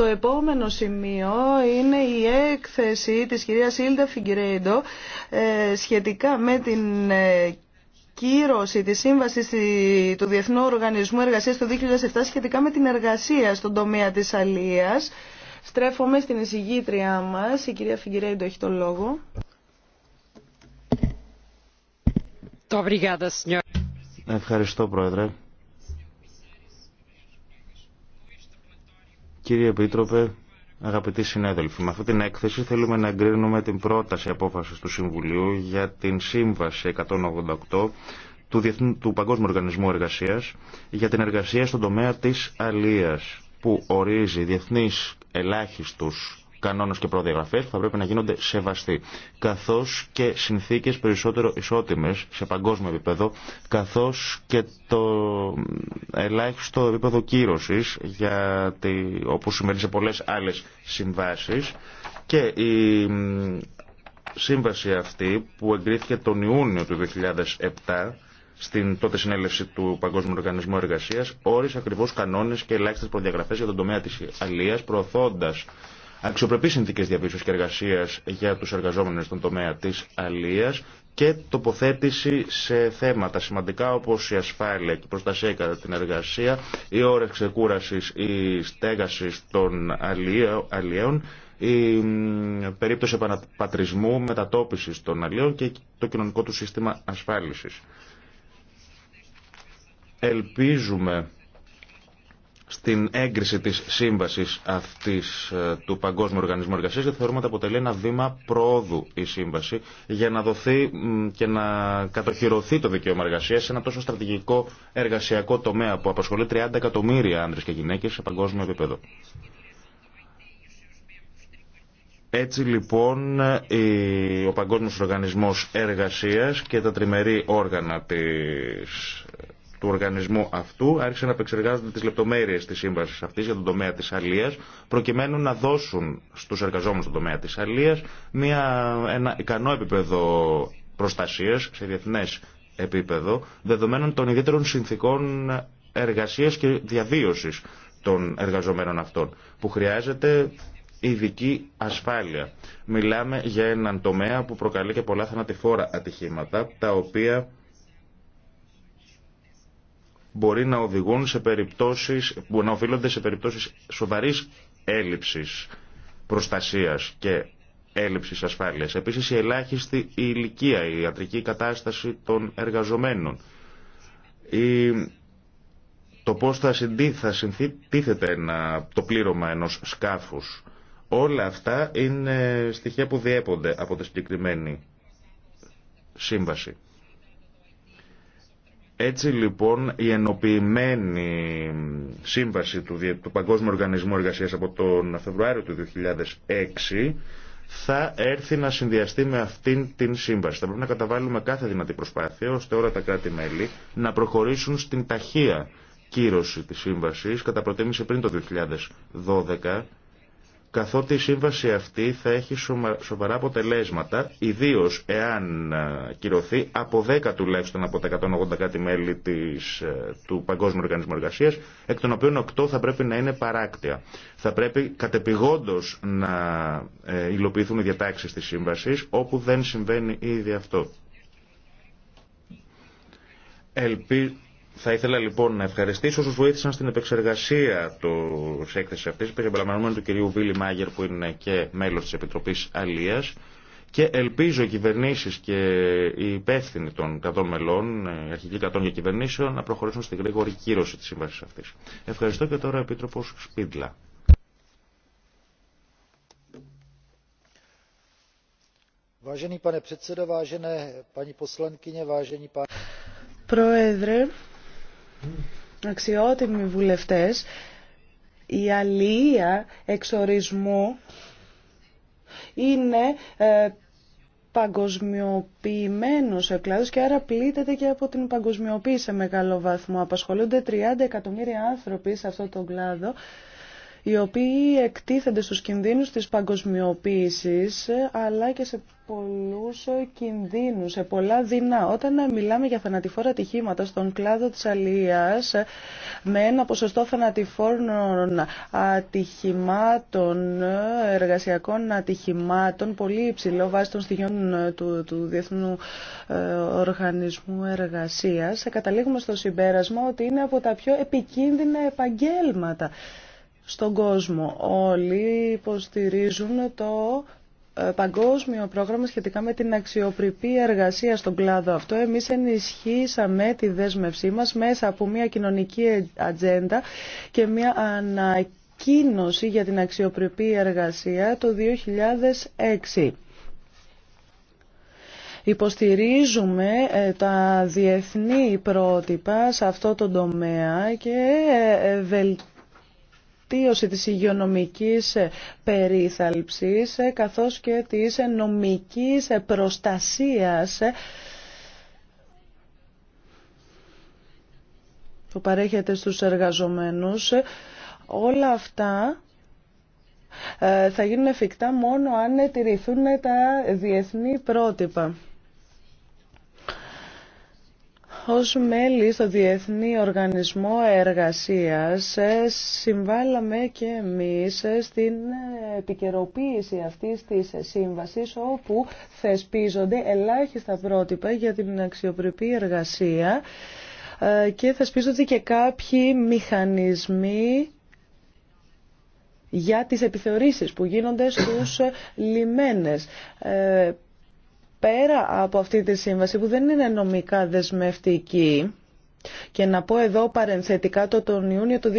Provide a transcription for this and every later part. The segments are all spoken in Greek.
Το επόμενο σημείο είναι η έκθεση της κυρίας Ήλτα Φιγκρέντο ε, σχετικά με την ε, κύρωση της σύμβασης του Διεθνού Οργανισμού Εργασίας το 2007 σχετικά με την εργασία στον τομέα της αλίας. Στρέφομαι στην εισηγήτριά μας. Η κυρία Φιγκρέντο έχει το λόγο. Ευχαριστώ, Πρόεδρε. Κύριε Επίτροπε, αγαπητοί συνάδελφοι, με αυτή την έκθεση θέλουμε να εγκρίνουμε την πρόταση απόφαση του Συμβουλίου για την Σύμβαση 188 του, του Παγκόσμιου Οργανισμού Εργασίας για την εργασία στον τομέα της αλίας που ορίζει διεθνεί ελάχιστου. Κανόνε και προδιαγραφές που θα πρέπει να γίνονται σεβαστοί, καθώς και συνθήκες περισσότερο ισότιμες σε παγκόσμιο επίπεδο, καθώς και το ελάχιστο επίπεδο κύρωση, γιατί, όπως σημαίνει σε πολλέ άλλες συμβάσει και η σύμβαση αυτή που εγκρίθηκε τον Ιούνιο του 2007 στην τότε συνέλευση του Παγκόσμιου Οργανισμού Εργασία, όρισε ακριβώ κανόνε και ελάχιστε προδιαγραφέ για τον τομέα τη αλλία προωθώντα αξιοπρεπεί συνθήκε διαβίωσης και εργασία για του εργαζόμενου στον τομέα τη αλίας και τοποθέτηση σε θέματα σημαντικά όπω η ασφάλεια και η προστασία κατά την εργασία, η ώρα ξεκούραση ή στέγαση των αλλιέων, η περίπτωση επαναπατρισμού, μετατόπιση των αλλιών και το κοινωνικό του σύστημα ασφάλισης. Ελπίζουμε στην έγκριση της σύμβασης αυτής ε, του Παγκόσμιου Οργανισμού Εργασίας γιατί θεωρούμε ότι αποτελεί ένα βήμα πρόοδου η σύμβαση για να δοθεί και να κατοχυρωθεί το δικαίωμα εργασίας σε ένα τόσο στρατηγικό εργασιακό τομέα που απασχολεί 30 εκατομμύρια άνδρες και γυναίκες σε παγκόσμιο επίπεδο. Έτσι λοιπόν ο Παγκόσμιος Οργανισμός Εργασίας και τα τριμερή όργανα της του οργανισμού αυτού άρχισαν να επεξεργάζονται τις λεπτομέρειες της σύμβασης αυτής για τον τομέα της αλίας προκειμένου να δώσουν στους εργαζόμενους στον τομέα της αλίας ένα ικανό επίπεδο προστασίας σε διεθνές επίπεδο δεδομένων των ιδιαίτερων συνθήκων εργασίας και διαβίωσης των εργαζομένων αυτών που χρειάζεται ειδική ασφάλεια. Μιλάμε για έναν τομέα που προκαλεί και πολλά θανατηφόρα ατυχήματα τα οποία μπορεί να οδηγούν σε περιπτώσεις που να οφείλονται σε περιπτώσεις σοβαρής έλλειψης προστασίας και έλλειψης ασφάλειας. Επίσης η ελάχιστη ηλικία, η ιατρική κατάσταση των εργαζομένων. Η... Το πώς θα, συνθεί, θα συντίθεται το πλήρωμα ενός σκάφους. Όλα αυτά είναι στοιχεία που διέπονται από τη συγκεκριμένη σύμβαση. Έτσι λοιπόν η ενοποιημένη σύμβαση του, του Παγκόσμιου Οργανισμού Εργασίας από τον Φεβρουάριο του 2006 θα έρθει να συνδυαστεί με αυτήν την σύμβαση. Θα πρέπει να καταβάλουμε κάθε δυνατή προσπάθεια ώστε όλα τα κράτη-μέλη να προχωρήσουν στην ταχεία κύρωση της σύμβασης κατά προτίμηση πριν το 2012 καθότι η σύμβαση αυτή θα έχει σοβαρά αποτελέσματα, ιδίω εάν ε, κυρωθεί από 10 τουλάχιστον από τα 180 κάτι μέλη της, ε, του Παγκόσμιου Οργανισμού εργασία, εκ των οποίων 8 θα πρέπει να είναι παράκτια. Θα πρέπει κατεπηγόντω να ε, υλοποιηθούν οι διατάξεις της σύμβασης, όπου δεν συμβαίνει ήδη αυτό. Ελπίζω θα ήθελα λοιπόν να ευχαριστήσω όσους βοήθησαν στην επεξεργασία του έκθεση αυτή, περιλαμβανομένου του κυρίου Βίλι Μάγερ, που είναι και μέλο τη Επιτροπή Αλίας Και ελπίζω οι κυβερνήσει και οι υπεύθυνοι των κρατών μελών, ε, οι αρχικοί κρατών και κυβερνήσεων, να προχωρήσουν στην γρήγορη κύρωση τη σύμβαση αυτή. Ευχαριστώ και τώρα Επίτροπο Σπίτλα αξιότιμοι βουλευτές, η αλληλεία εξορισμού είναι ε, παγκοσμιοποιημένος κλάδος και άρα πλήττεται και από την παγκοσμιοποίηση σε μεγάλο βαθμό. Απασχολούνται 30 εκατομμύρια άνθρωποι σε αυτό τον κλάδο οι οποίοι εκτίθενται στους κινδύνους της παγκοσμιοποίησης, ε, αλλά και σε πολλούς ε, κινδύνους, σε πολλά δεινά. Όταν ε, μιλάμε για θανατηφόρα ατυχήματα στον κλάδο της αλίας, με ένα ποσοστό θανατηφόρων ατυχημάτων, εργασιακών ατυχημάτων, πολύ υψηλό βάσει των στοιχείων του, του Διεθνού Οργανισμού Εργασίας, καταλήγουμε στο συμπέρασμα ότι είναι από τα πιο επικίνδυνα επαγγέλματα στον κόσμο. Όλοι υποστηρίζουν το ε, παγκόσμιο πρόγραμμα σχετικά με την αξιοπρεπή εργασία στον κλάδο αυτό. Εμείς ενισχύσαμε τη δέσμευσή μας μέσα από μια κοινωνική ατζέντα και μια ανακοίνωση για την αξιοπρεπή εργασία το 2006. Υποστηρίζουμε ε, τα διεθνή πρότυπα σε αυτό το τομέα και ε, βελτίωση της υγειονομικής περίθαλψης ε, καθώς και της νομικής προστασίας ε, που παρέχεται στους εργαζομένους. Όλα αυτά ε, θα γίνουν εφικτά μόνο αν τηρηθούν τα διεθνή πρότυπα. Ως μέλη στο Διεθνή Οργανισμό Εργασίας ε, συμβάλαμε και εμείς ε, στην ε, επικαιροποίηση αυτής της σύμβασης όπου θεσπίζονται ελάχιστα πρότυπα για την αξιοπρεπή εργασία και θεσπίζονται και κάποιοι μηχανισμοί για τις επιθεωρήσεις που γίνονται στους λιμένες πέρα από αυτή τη σύμβαση που δεν είναι νομικά δεσμευτική και να πω εδώ παρενθετικά το τον Ιούνιο του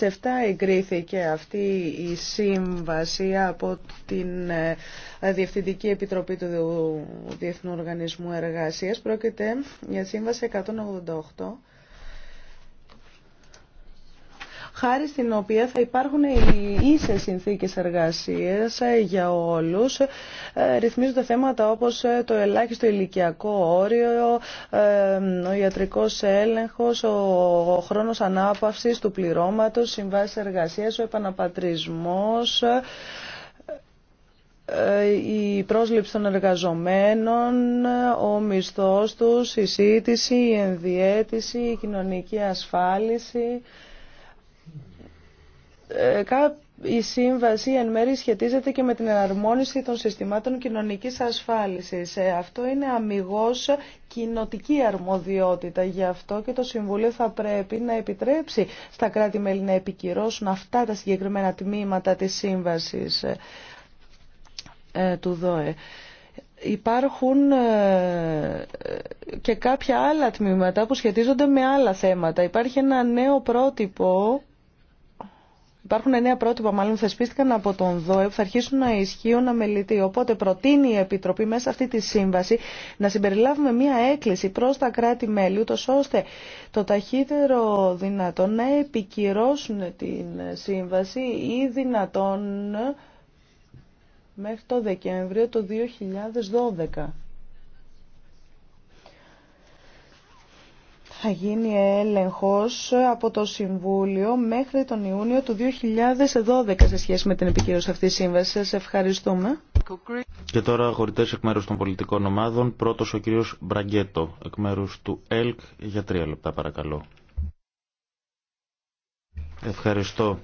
2007 εγκρίθηκε αυτή η σύμβαση από την ε, Διευθυντική Επιτροπή του Διεθνού Οργανισμού Εργασίας. Πρόκειται για σύμβαση 188 χάρη στην οποία θα υπάρχουν οι ίσες συνθήκες εργασίας ε, για όλους, ε, ρυθμίζονται θέματα όπως ε, το ελάχιστο ηλικιακό όριο, ο ιατρικός έλεγχος, ο χρόνος ανάπαυσης του πληρώματος, συμβάσεις εργασίας, ο επαναπατρισμός, η πρόσληψη των εργαζομένων, ο μισθός τους, η σύντηση, η ενδιέτηση, η κοινωνική ασφάλιση. Ε, η σύμβαση εν μέρη σχετίζεται και με την εναρμόνιση των συστημάτων κοινωνικής ασφάλισης. Ε, αυτό είναι αμυγός κοινοτική αρμοδιότητα. Γι' αυτό και το Συμβούλιο θα πρέπει να επιτρέψει στα κράτη-μέλη να επικυρώσουν αυτά τα συγκεκριμένα τμήματα της σύμβασης ε, του ΔΟΕ υπάρχουν και κάποια άλλα τμήματα που σχετίζονται με άλλα θέματα. Υπάρχει ένα νέο πρότυπο Υπάρχουν νέα πρότυπα, μάλλον θεσπίστηκαν από τον ΔΟΕ, που θα αρχίσουν να ισχύουν μελητεί, Οπότε προτείνει η Επιτροπή μέσα αυτή τη σύμβαση να συμπεριλάβουμε μία έκκληση προ τα κράτη-μέλη, ούτω ώστε το ταχύτερο δυνατόν να επικυρώσουν την σύμβαση ή δυνατόν μέχρι το Δεκέμβριο του 2012. θα γίνει έλεγχος από το Συμβούλιο μέχρι τον Ιούνιο του 2012 σε σχέση με την επικύρωση αυτής της σύμβασης. Σας ευχαριστούμε. Και τώρα χωριτές εκ μέρους των πολιτικών ομάδων. Πρώτος ο κύριος Μπραγκέτο εκ μέρους του ΕΛΚ για τρία λεπτά παρακαλώ. Ευχαριστώ.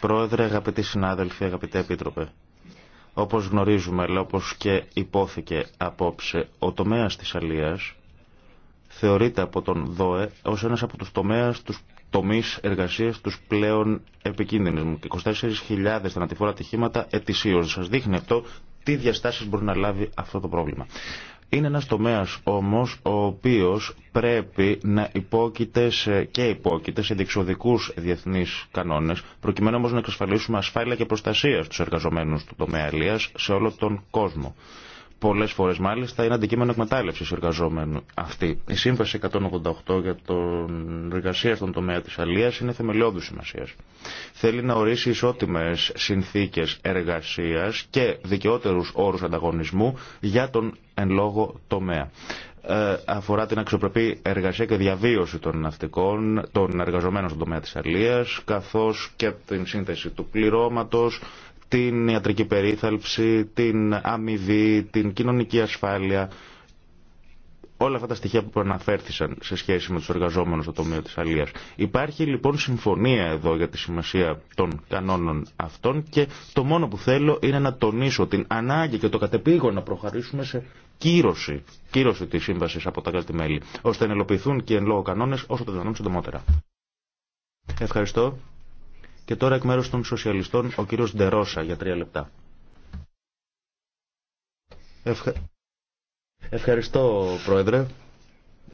Πρόεδρε, αγαπητοί συνάδελφοι, αγαπητέ επίτροπε. Όπως γνωρίζουμε, αλλά όπως και υπόθηκε απόψε, ο τομέας της αλίας θεωρείται από τον ΔΟΕ ως ένας από τους τομέας, τους τομείς εργασίας τους πλέον επικίνδυνες. 24.000 θανατηφόρα ατυχήματα ετησίως. Σας δείχνει αυτό τι διαστάσεις μπορεί να λάβει αυτό το πρόβλημα. Είναι ένας τομέας όμως ο οποίος πρέπει να υπόκειται σε, και υπόκειται σε διεξοδικούς διεθνείς κανόνες προκειμένου όμως να εξασφαλίσουμε ασφάλεια και προστασία στους εργαζομένους του τομέα σε όλο τον κόσμο. Πολλέ φορέ μάλιστα είναι αντικείμενο εκμετάλλευση εργαζόμενου αυτή. Η Σύμβαση 188 για τον εργασία στον τομέα τη Αλία είναι θεμελιώδου σημασία. Θέλει να ορίσει ισότιμε συνθήκε εργασία και δικαιότερου όρου ανταγωνισμού για τον εν λόγω τομέα ε, αφορά την αξιοπρεπή εργασία και διαβίωση των ναυτικών, των εργαζομένων στον τομέα της αλίας, καθώς και την σύνθεση του πληρώματος, την ιατρική περίθαλψη, την αμοιβή, την κοινωνική ασφάλεια. Όλα αυτά τα στοιχεία που προαναφέρθησαν σε σχέση με τους εργαζόμενους στο τομείο της αλίας. Υπάρχει λοιπόν συμφωνία εδώ για τη σημασία των κανόνων αυτών και το μόνο που θέλω είναι να τονίσω την ανάγκη και το κατεπήγον να προχωρήσουμε σε κύρωση, κύρωση της σύμβασης από τα κράτη-μέλη, ώστε να ελοπιθούν και εν λόγω κανόνες όσο το δυνατόν συντομότερα. Ευχαριστώ. Και τώρα εκ μέρους των σοσιαλιστών ο κύριος Ντερόσα για τρία λεπτά. Ευχαριστώ Πρόεδρε.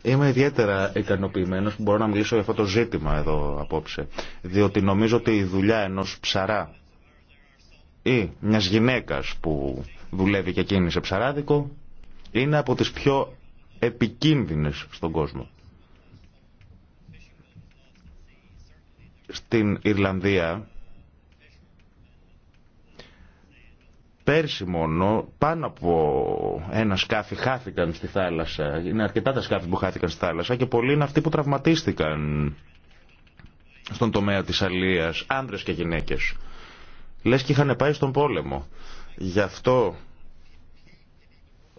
Είμαι ιδιαίτερα ικανοποιημένο που μπορώ να μιλήσω για αυτό το ζήτημα εδώ απόψε. Διότι νομίζω ότι η δουλειά ενός ψαρά ή μιας γυναίκας που δουλεύει και εκείνη σε ψαράδικο είναι από τις πιο επικίνδυνες στον κόσμο. στην Ιρλανδία πέρσι μόνο πάνω από ένα σκάφι χάθηκαν στη θάλασσα. Είναι αρκετά τα σκάφη που χάθηκαν στη θάλασσα και πολλοί είναι αυτοί που τραυματίστηκαν στον τομέα της αλίας, άνδρες και γυναίκες. Λες και είχαν πάει στον πόλεμο. Γι' αυτό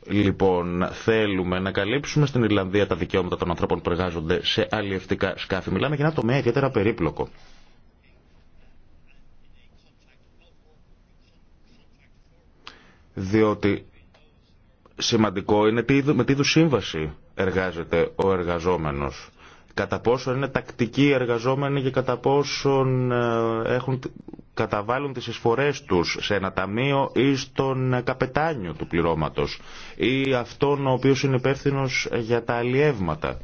λοιπόν θέλουμε να καλύψουμε στην Ιρλανδία τα δικαιώματα των ανθρώπων που εργάζονται σε αλλιευτικά σκάφη. Μιλάμε για ένα τομέα ιδιαίτερα περίπλοκο. Διότι σημαντικό είναι με τι είδου σύμβαση εργάζεται ο εργαζόμενος κατά πόσο είναι τακτικοί εργαζόμενοι και κατά πόσον ε, έχουν, καταβάλουν τις εισφορές τους σε ένα ταμείο ή στον ε, καπετάνιο του πληρώματος ή αυτόν ο οποίος είναι υπεύθυνο για τα αλλιεύματα.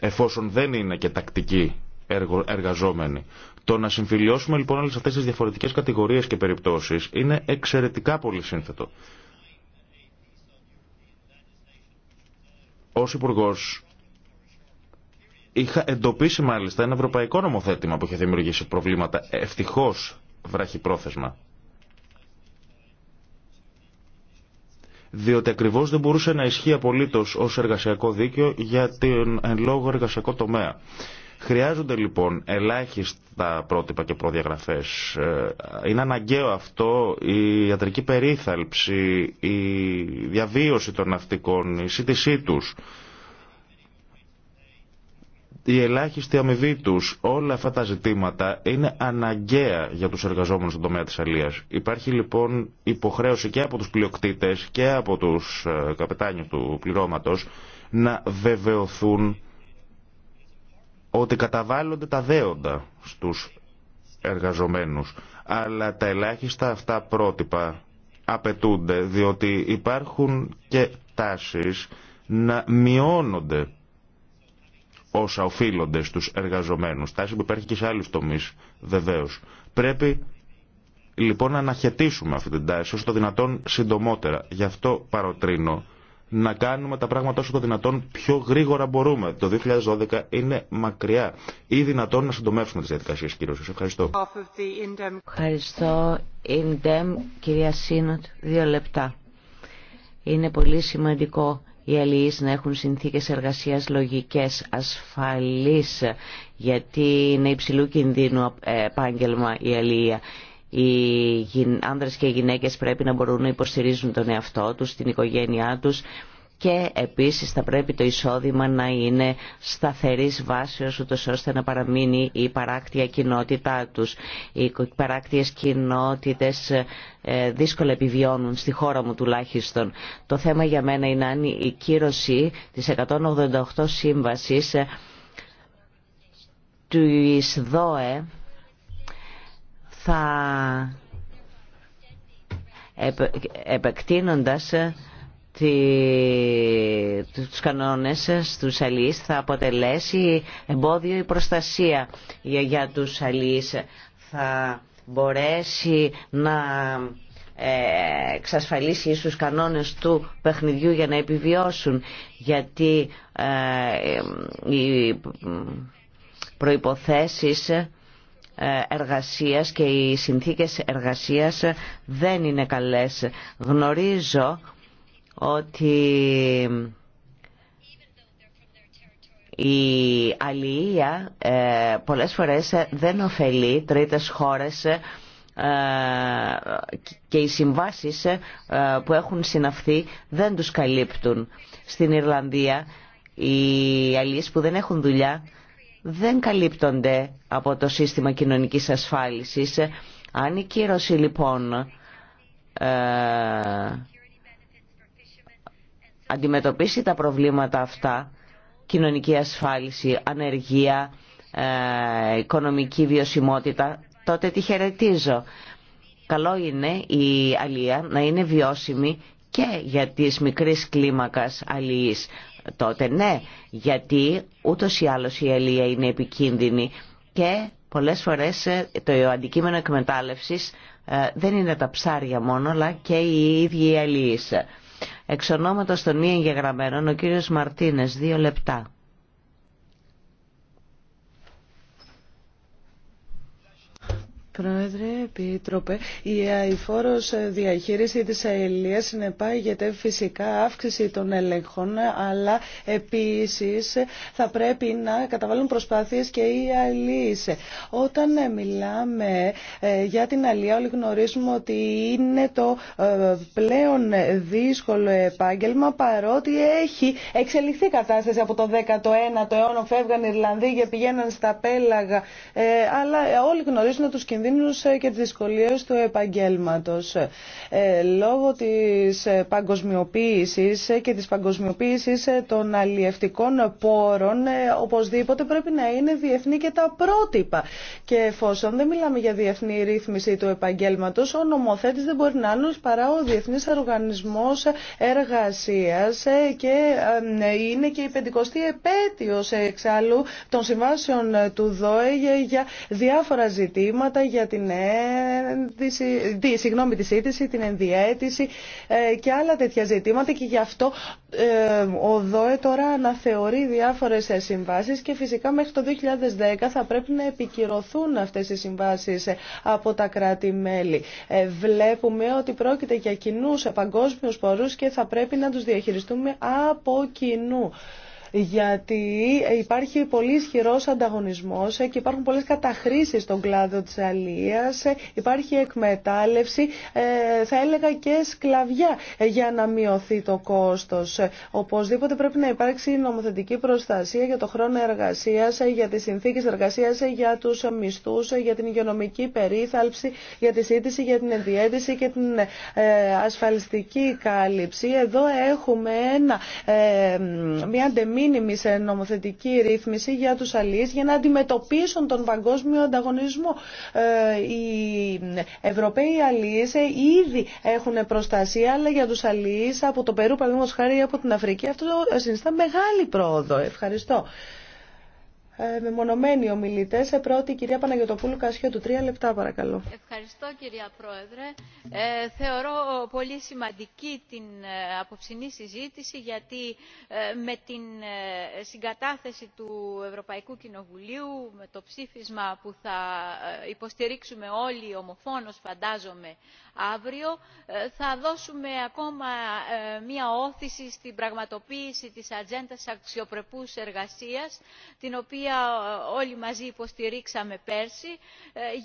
Εφόσον δεν είναι και τακτικοί εργαζόμενοι. Το να συμφιλιώσουμε λοιπόν όλες αυτές τις διαφορετικές κατηγορίες και περιπτώσεις είναι εξαιρετικά πολύ σύνθετο. ως υπουργό. Είχα εντοπίσει μάλιστα ένα ευρωπαϊκό νομοθέτημα που είχε δημιουργήσει προβλήματα. Ευτυχώς βραχυπρόθεσμα. διότι ακριβώ δεν μπορούσε να ισχύει απολύτω ω εργασιακό δίκαιο για την εν λόγω εργασιακό τομέα. Χρειάζονται λοιπόν ελάχιστα πρότυπα και προδιαγραφές. Ε, είναι αναγκαίο αυτό η ιατρική περίθαλψη, η διαβίωση των ναυτικών, η σύντησή τους, η ελάχιστη αμοιβή του, όλα αυτά τα ζητήματα είναι αναγκαία για του εργαζόμενου στον τομέα τη Αλίας Υπάρχει λοιπόν υποχρέωση και από τους πλειοκτήτε και από τους ε, καπετάνιους του πληρώματο να βεβαιωθούν ότι καταβάλλονται τα δέοντα στους εργαζομένους. Αλλά τα ελάχιστα αυτά πρότυπα απαιτούνται διότι υπάρχουν και τάσεις να μειώνονται όσα οφείλονται στους εργαζομένους. Τάση που υπάρχει και σε άλλους τομείς βεβαίως. Πρέπει λοιπόν να αναχαιτήσουμε αυτή την τάση όσο το δυνατόν συντομότερα. Γι' αυτό παροτρύνω να κάνουμε τα πράγματα όσο το δυνατόν πιο γρήγορα μπορούμε. Το 2012 είναι μακριά ή δυνατόν να συντομεύσουμε τις διαδικασίες κύρωσης. Ευχαριστώ. Ευχαριστώ. Ιντεμ, κυρία Σίνοτ, δύο λεπτά. Είναι πολύ σημαντικό οι αλληλείς να έχουν συνθήκες εργασίας λογικές, ασφαλείς, γιατί είναι υψηλού κινδύνου ε, επάγγελμα η δυνατον να συντομευσουμε τις διαδικασιες σας ευχαριστω ευχαριστω ιντεμ κυρια σινοτ δυο λεπτα ειναι πολυ σημαντικο οι αλληλεις να εχουν συνθηκες εργασιας λογικες ασφαλεις γιατι ειναι υψηλου κινδυνου επαγγελμα η αλληλεια οι άνδρες και οι γυναίκες πρέπει να μπορούν να υποστηρίζουν τον εαυτό τους, την οικογένειά τους και επίσης θα πρέπει το εισόδημα να είναι σταθερής βάσεως ούτως ώστε να παραμείνει η παράκτια κοινότητά τους. Οι παράκτιες κοινότητες ε, δύσκολα επιβιώνουν στη χώρα μου τουλάχιστον. Το θέμα για μένα είναι αν η κύρωση της 188 σύμβασης του Ισδόε θα επεκτείνοντας ε, τη, τους κανόνες ε, στους αλληλείς θα αποτελέσει εμπόδιο η προστασία για, για τους αλληλείς. Θα μπορέσει να ε, εξασφαλίσει ίσως κανόνες του παιχνιδιού για να επιβιώσουν γιατί οι προϋποθέσεις εργασίας και οι συνθήκες εργασίας δεν είναι καλές. Γνωρίζω ότι η αλληλεία ε, πολλές φορές δεν ωφελεί τρίτες χώρες ε, και οι συμβάσεις ε, που έχουν συναυθεί δεν τους καλύπτουν. Στην Ιρλανδία οι αλληλείς που δεν έχουν δουλειά δεν καλύπτονται από το σύστημα κοινωνικής ασφάλισης. Αν η κύρωση λοιπόν ε, αντιμετωπίσει τα προβλήματα αυτά, κοινωνική ασφάλιση, ανεργία, ε, οικονομική βιωσιμότητα, τότε τη χαιρετίζω. Καλό είναι η αλία να είναι βιώσιμη και για τις μικρές κλίμακας αλίες τότε. Ναι, γιατί ούτως ή άλλως η αλία ελια ειναι επικίνδυνη και πολλές φορές ε, το αντικείμενο εκμετάλλευσης ε, δεν είναι τα ψάρια μόνο, αλλά και οι ίδιοι οι αλίες. Εξ ονόματος των μη εγγεγραμμένων, ο κύριος Μαρτίνες, δύο λεπτά. Πρόεδρε, Επίτροπε, η αηφόρος διαχείριση της αελίας συνεπάγεται φυσικά αύξηση των ελεγχών, αλλά επίσης θα πρέπει να καταβάλουν προσπάθειες και οι αηλίες. Όταν μιλάμε ε, για την αιλία όλοι γνωρίζουμε ότι είναι το ε, πλέον δύσκολο επάγγελμα, παρότι έχει εξελιχθεί η κατάσταση από το 19ο αιώνα, φεύγαν οι Ιρλανδοί και πηγαίναν στα πέλαγα, ε, αλλά όλοι γνωρίζουν τους κινδύνους κινδύνους ε, και τις δυσκολίε του επαγγέλματο. Ε, λόγω τη ε, παγκοσμιοποίηση και τη παγκοσμιοποίηση των αλλιευτικών πόρων, οπωσδήποτε πρέπει να είναι διεθνή και τα πρότυπα. Και φόσον δεν μιλάμε για διεθνή ρύθμιση του επαγγέλματος. Λόγω της παγκοσμιοποίησης και της παγκοσμιοποίησης των αλλιευτικών πόρων οπωσδήποτε πρέπει να είναι διεθνή και τα πρότυπα. Και εφόσον δεν μιλάμε για διεθνή ρύθμιση του επαγγέλματος, ο νομοθέτης δεν μπορεί να είναι παρά ο Διεθνής Οργανισμός Εργασίας και ναι, είναι και η πεντηκοστή επέτειο εξάλλου των συμβάσεων του ΔΟΕ για διάφορα ζητήματα, για την ένδυση, συγγνώμη, τη σύντηση, την ενδιέτηση ε, και άλλα τέτοια ζητήματα και γι' αυτό ε, ο ΔΟΕ τώρα αναθεωρεί διάφορες ε, συμβάσεις και φυσικά μέχρι το 2010 θα πρέπει να επικυρωθούν αυτές οι συμβάσεις από τα κράτη-μέλη. Βλέπουμε ότι πρόκειται για κοινού παγκόσμιου πόρους και θα πρέπει να τους διαχειριστούμε από κοινού γιατί υπάρχει πολύ ισχυρό ανταγωνισμός και υπάρχουν πολλές καταχρήσει στον κλάδο της αλληλεία. υπάρχει εκμετάλλευση, ε, θα έλεγα και σκλαβιά ε, για να μειωθεί το κόστος. Οπωσδήποτε πρέπει να υπάρξει νομοθετική προστασία για το χρόνο εργασίας, ε, για τις συνθήκες εργασίας, για τους μισθού, για την υγειονομική περίθαλψη, για τη σύντηση, για την ενδιέτηση και την ασφαλιστική κάλυψη. Εδώ έχουμε ένα, μια μήνυμη σε νομοθετική ρύθμιση για τους αλείς για να αντιμετωπίσουν τον παγκόσμιο ανταγωνισμό. Ε, οι Ευρωπαίοι αλείς ε, ήδη έχουν προστασία, αλλά για τους αλείς από το Περού, παραδείγματος χάρη από την Αφρική, αυτό συνιστά μεγάλη πρόοδο. Ευχαριστώ. Ε, μεμονωμένοι ομιλητέ. Ε, πρώτη κυρία Παναγιωτοπούλου Κασιό του. Τρία λεπτά παρακαλώ. Ευχαριστώ. Ευχαριστώ κυρία Πρόεδρε. Ε, θεωρώ πολύ σημαντική την ε, απόψινή συζήτηση γιατί ε, με την συγκατάθεση του Ευρωπαϊκού Κοινοβουλίου, με το ψήφισμα που θα υποστηρίξουμε όλοι ομοφόνος φαντάζομαι αύριο, θα δώσουμε ακόμα μία όθηση στην πραγματοποίηση της ατζέντα αξιοπρεπούς εργασίας, την οποία όλοι μαζί υποστηρίξαμε πέρσι,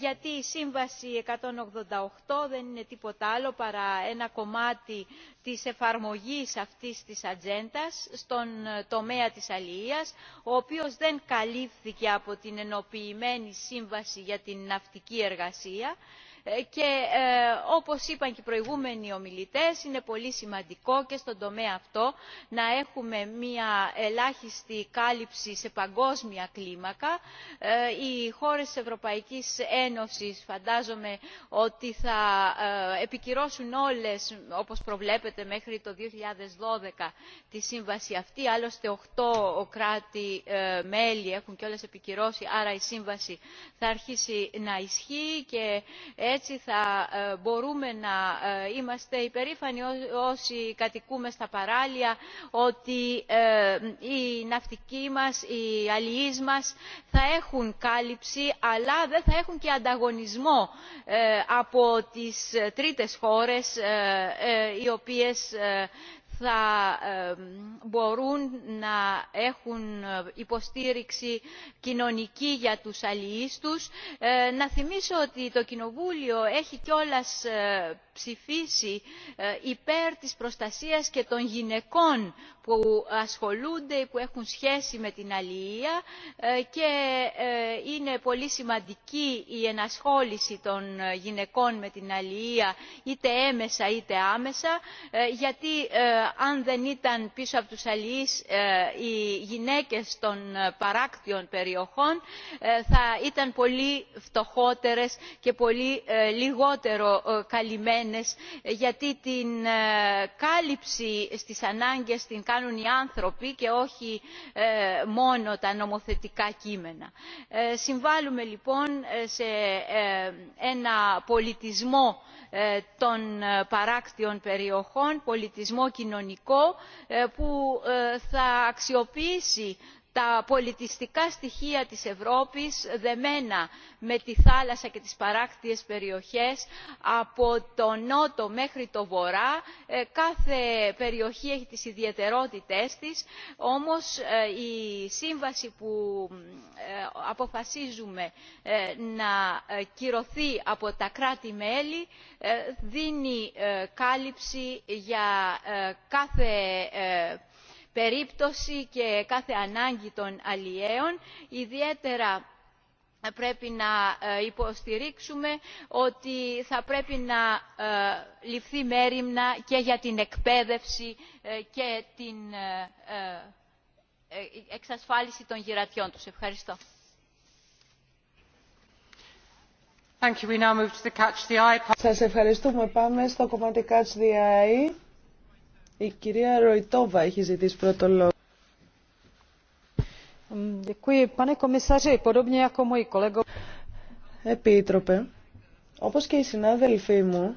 γιατί η Σύμβαση 188 δεν είναι τίποτα άλλο παρά ένα κομμάτι της εφαρμογής αυτής της ατζέντα στον ε, τομέα της αλληλείας, ο οποίος δεν καλύφθηκε από την ενοποιημένη σύμβαση για την ναυτική εργασία ε, και ε, όπως είπαν και οι προηγούμενοι ομιλητές είναι πολύ σημαντικό και στον τομέα αυτό να έχουμε μια ελάχιστη κάλυψη σε παγκόσμια κλίμακα. Ε, οι χώρες της ευρωπαϊκής ένωσης φαντάζομαι ότι θα επικυρώσουν όλες όπως προβλέπεται μέχρι το 2012 τη σύμβαση αυτή άλλωστε 8 κράτη μέλη έχουν όλες επικυρώσει άρα η σύμβαση θα αρχίσει να ισχύει και έτσι θα ε, μπορούμε να ε, είμαστε υπερήφανοι όσοι κατοικούμε στα παράλια ότι ε, οι ναυτικοί μας, οι αλληλείς μας θα έχουν κάλυψη αλλά δεν θα έχουν και ανταγωνισμό από τις τρίτες χώρες οι οποίες θα μπορούν να έχουν ε, υποστήριξη κοινωνική για τους αλληλείς τους. Ε, να θυμίσω ότι το Κοινοβούλιο έχει κιόλας ε, ψηφίσει υπέρ της προστασίας και των γυναικών που ασχολούνται ή που έχουν σχέση με την αλληλεία και είναι πολύ σημαντική η ενασχόληση των γυναικών με την αλληλεία είτε έμεσα είτε άμεσα γιατί αν δεν ήταν πίσω από τους αλληλείς ε, οι γυναίκες των ε, παράκτιων περιοχών ε, θα ήταν πολύ φτωχότερες και πολύ λιγότερο καλυμμένες γιατί την κάλυψη στις ανάγκες την κάνουν οι άνθρωποι και όχι μόνο τα νομοθετικά κείμενα. Συμβάλλουμε λοιπόν σε ένα πολιτισμό των παράκτιων περιοχών πολιτισμό κοινωνικό κοινωνικό ε, που ε, θα αξιοποιήσει τα πολιτιστικά στοιχεία της Ευρώπης δεμένα με τη θάλασσα και τις παράκτιες περιοχές από το νότο μέχρι το βορρά. Ε, κάθε περιοχή έχει τις ιδιαιτερότητές της, όμως ε, η σύμβαση που ε, αποφασίζουμε να κυρωθεί από τα κράτη-μέλη δίνει κάλυψη για κάθε περίπτωση και κάθε ανάγκη των αλλιέων. Ιδιαίτερα ε, πρέπει να ε, υποστηρίξουμε ότι θα πρέπει να ε, ληφθεί μέρημνα και για την εκπαίδευση και την εξασφάλιση των γυρατιών τους. Ευχαριστώ. Σας ευχαριστούμε. Πάμε στο κομμάτι Catch the Eye. Η κυρία Ροϊτόβα έχει ζητήσει πρώτο λόγο. Επίτροπε, όπως και οι συνάδελφοί μου,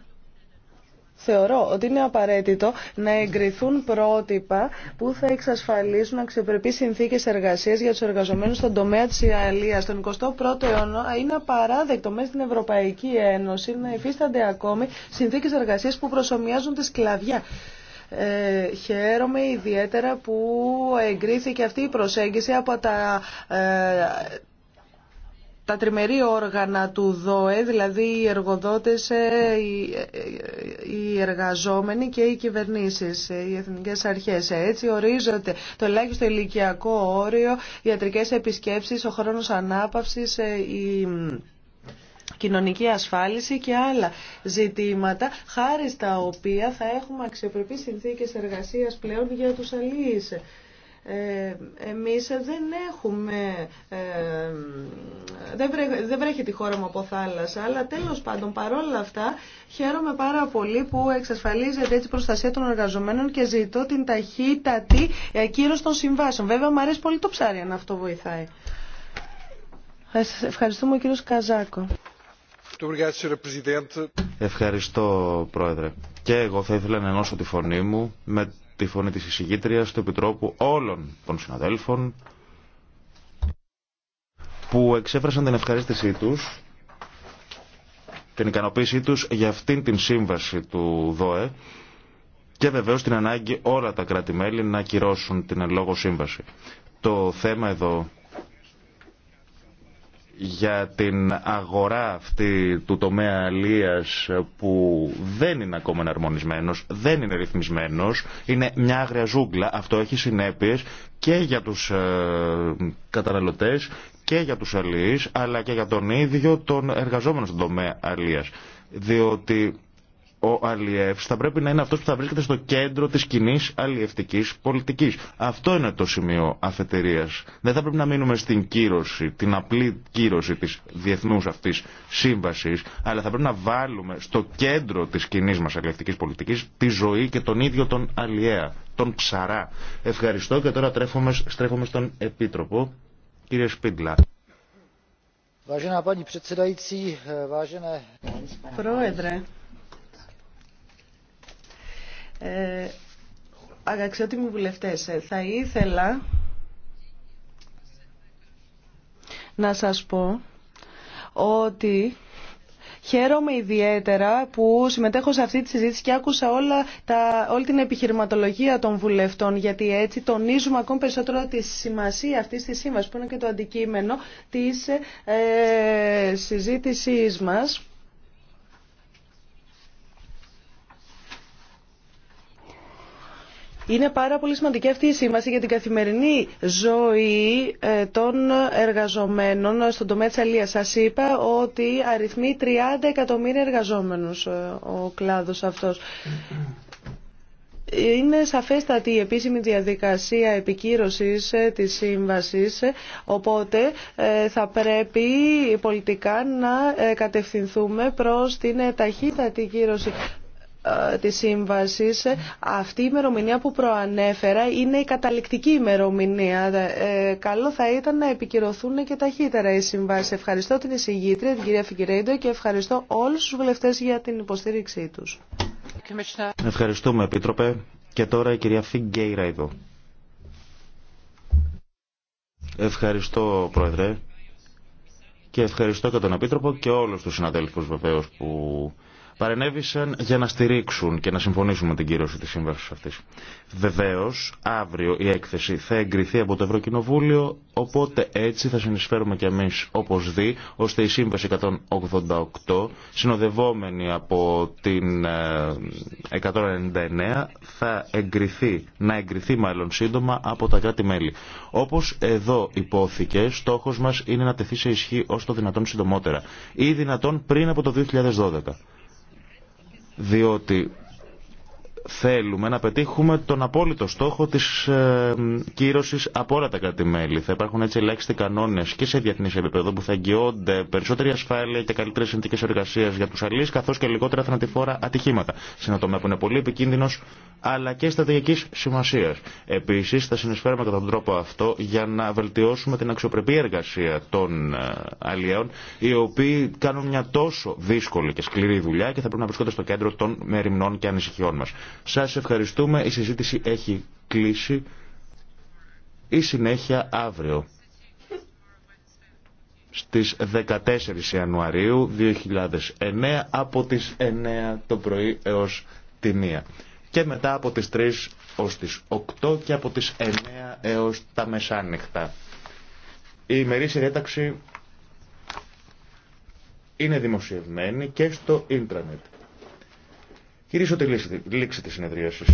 Θεωρώ ότι είναι απαραίτητο να εγκριθούν πρότυπα που θα εξασφαλίσουν αξιοπρεπείς συνθήκες εργασίας για τους εργαζομένους στον τομέα της Ιαλίας. Στον 21ο αιώνα είναι απαράδεκτο μέσα στην Ευρωπαϊκή Ένωση να υφίστανται ακόμη συνθήκες εργασίας που προσωμιάζουν τη σκλαβιά. Ε, χαίρομαι ιδιαίτερα που εγκρίθηκε αυτή η προσέγγιση από τα ε, τα τριμερή όργανα του ΔΟΕ, δηλαδή οι εργοδότες, ε, ε, οι εργαζόμενοι και οι κυβερνήσεις, ε, οι εθνικές αρχές. Έτσι ορίζονται το ελάχιστο ηλικιακό όριο, οι ιατρικές επισκέψεις, ο χρόνος ανάπαυσης, η κοινωνική ασφάλιση και άλλα ζητήματα, χάρη στα οποία θα έχουμε αξιοπρεπείς συνθήκες εργασίας πλέον για τους αλλοίς. Ε, εμείς δεν έχουμε, ε, δεν, βρέ, δεν βρέχει τη χώρα μου από θάλασσα, αλλά τέλος πάντων παρόλα αυτά χαίρομαι πάρα πολύ που εξασφαλίζεται έτσι η προστασία των εργαζομένων και ζητώ την ταχύτατη ε, κύρωση των συμβάσεων. Βέβαια μου αρέσει πολύ το ψάρι αν αυτό βοηθάει. ευχαριστούμε ο κύριος Καζάκο. Ευχαριστώ, Πρόεδρε. Και εγώ θα ήθελα να ενώσω τη φωνή μου με τη φωνή της εισηγήτριας του Επιτρόπου όλων των συναδέλφων που εξέφρασαν την ευχαρίστησή τους, την ικανοποίησή τους για αυτήν την σύμβαση του ΔΟΕ και βεβαίως την ανάγκη όλα τα κράτη-μέλη να κυρώσουν την εν λόγω σύμβαση. Το θέμα εδώ για την αγορά αυτή του τομέα αλίας που δεν είναι ακόμα εναρμονισμένος, δεν είναι ρυθμισμένος, είναι μια άγρια ζούγκλα. Αυτό έχει συνέπειες και για τους ε, καταναλωτές και για τους αλίες, αλλά και για τον ίδιο τον εργαζόμενο στον τομέα αλίας. Διότι ο Αλιεύ θα πρέπει να είναι αυτό που θα βρίσκεται στο κέντρο τη κοινή αλλιευτική πολιτική. Αυτό είναι το σημείο αφετηρία. Δεν θα πρέπει να μείνουμε στην κύρωση, την απλή κύρωση τη διεθνού αυτή σύμβαση, αλλά θα πρέπει να βάλουμε στο κέντρο τη κοινή μα αλλιευτική πολιτική τη ζωή και τον ίδιο τον Αλιέα, τον ψαρά. Ευχαριστώ και τώρα στρέφομαι στον Επίτροπο, κύριε Σπίτλα. Πρόεδρε, ε, Αγαξιότιμοι βουλευτές, ε, θα ήθελα να σας πω ότι Χαίρομαι ιδιαίτερα που συμμετέχω σε αυτή τη συζήτηση και άκουσα όλα τα, όλη την επιχειρηματολογία των βουλευτών, γιατί έτσι τονίζουμε ακόμη περισσότερο τη σημασία αυτής της σύμβασης, που είναι και το αντικείμενο της ε, ε συζήτησής μας. Είναι πάρα πολύ σημαντική αυτή η σύμβαση για την καθημερινή ζωή ε, των εργαζομένων στον τομέα της αλίας. Σας είπα ότι αριθμεί 30 εκατομμύρια εργαζόμενους ε, ο κλάδος αυτός. Είναι σαφέστατη η επίσημη διαδικασία επικύρωσης ε, της σύμβασης, οπότε θα πρέπει πολιτικά να κατευθυνθούμε προς την ταχύτατη κύρωση ε, της σύμβασης. Αυτή η ημερομηνία που προανέφερα είναι η καταληκτική ημερομηνία. Ε, καλό θα ήταν να επικυρωθούν και ταχύτερα οι συμβάσεις. Ευχαριστώ την εισηγήτρια, την κυρία Φιγκυρέντο και ευχαριστώ όλους τους βουλευτές για την υποστήριξή τους. Ευχαριστούμε, Επίτροπε. Και τώρα η κυρία Φιγκέιρα εδώ. Ευχαριστώ, Πρόεδρε. Και ευχαριστώ και τον Επίτροπο και όλους τους συναδέλφους βεβαίως που παρενέβησαν για να στηρίξουν και να συμφωνήσουν με την κύρωση της σύμβασης αυτής. Βεβαίως, αύριο η έκθεση θα εγκριθεί από το Ευρωκοινοβούλιο, οπότε έτσι θα συνεισφέρουμε κι εμείς όπως δει, ώστε η σύμβαση 188, συνοδευόμενη από την 199, ε, θα εγκριθεί, να εγκριθεί μάλλον σύντομα από τα κράτη-μέλη. Όπως εδώ υπόθηκε, στόχος μας είναι να τεθεί σε ισχύ ως το δυνατόν συντομότερα ή δυνατόν πριν από το 2012 διότι θέλουμε να πετύχουμε τον απόλυτο στόχο τη ε, κύρωση από όλα τα κράτη-μέλη. Θα υπάρχουν έτσι ελάχιστοι κανόνε και σε διεθνή επίπεδο που θα εγγυώνται περισσότερη ασφάλεια και καλύτερε συνθήκε εργασία για του αλληλεί, καθώ και λιγότερα θανατηφόρα ατυχήματα. Σε ένα τομέα που είναι πολύ επικίνδυνο, αλλά και στρατηγικής σημασία. Επίση, θα συνεισφέρουμε κατά τον τρόπο αυτό για να βελτιώσουμε την αξιοπρεπή εργασία των ε, αλλιέων οι οποίοι κάνουν μια τόσο δύσκολη και σκληρή δουλειά και θα πρέπει να βρισκόνται στο κέντρο των μεριμνών και ανησυχιών μα. Σας ευχαριστούμε. Η συζήτηση έχει κλείσει. Η συνέχεια αύριο στις 14 Ιανουαρίου 2009 από τις 9 το πρωί έως τη 1 και μετά από τις 3 ως τις 8 και από τις 9 έως τα μεσάνυχτα. Η ημερή διάταξη είναι δημοσιευμένη και στο ίντρανετ. Κυρίσω τη λήξη της συνεδρίασης.